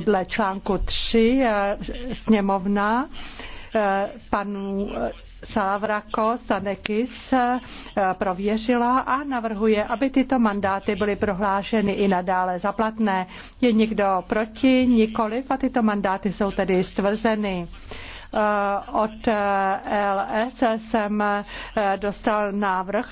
podle článku 3 eh, sněmovna eh, panu eh, Salavrako Sanekis prověřila a navrhuje, aby tyto mandáty byly prohlášeny i nadále zaplatné. Je někdo proti? Nikoliv a tyto mandáty jsou tedy stvrzeny od LS jsem dostal návrh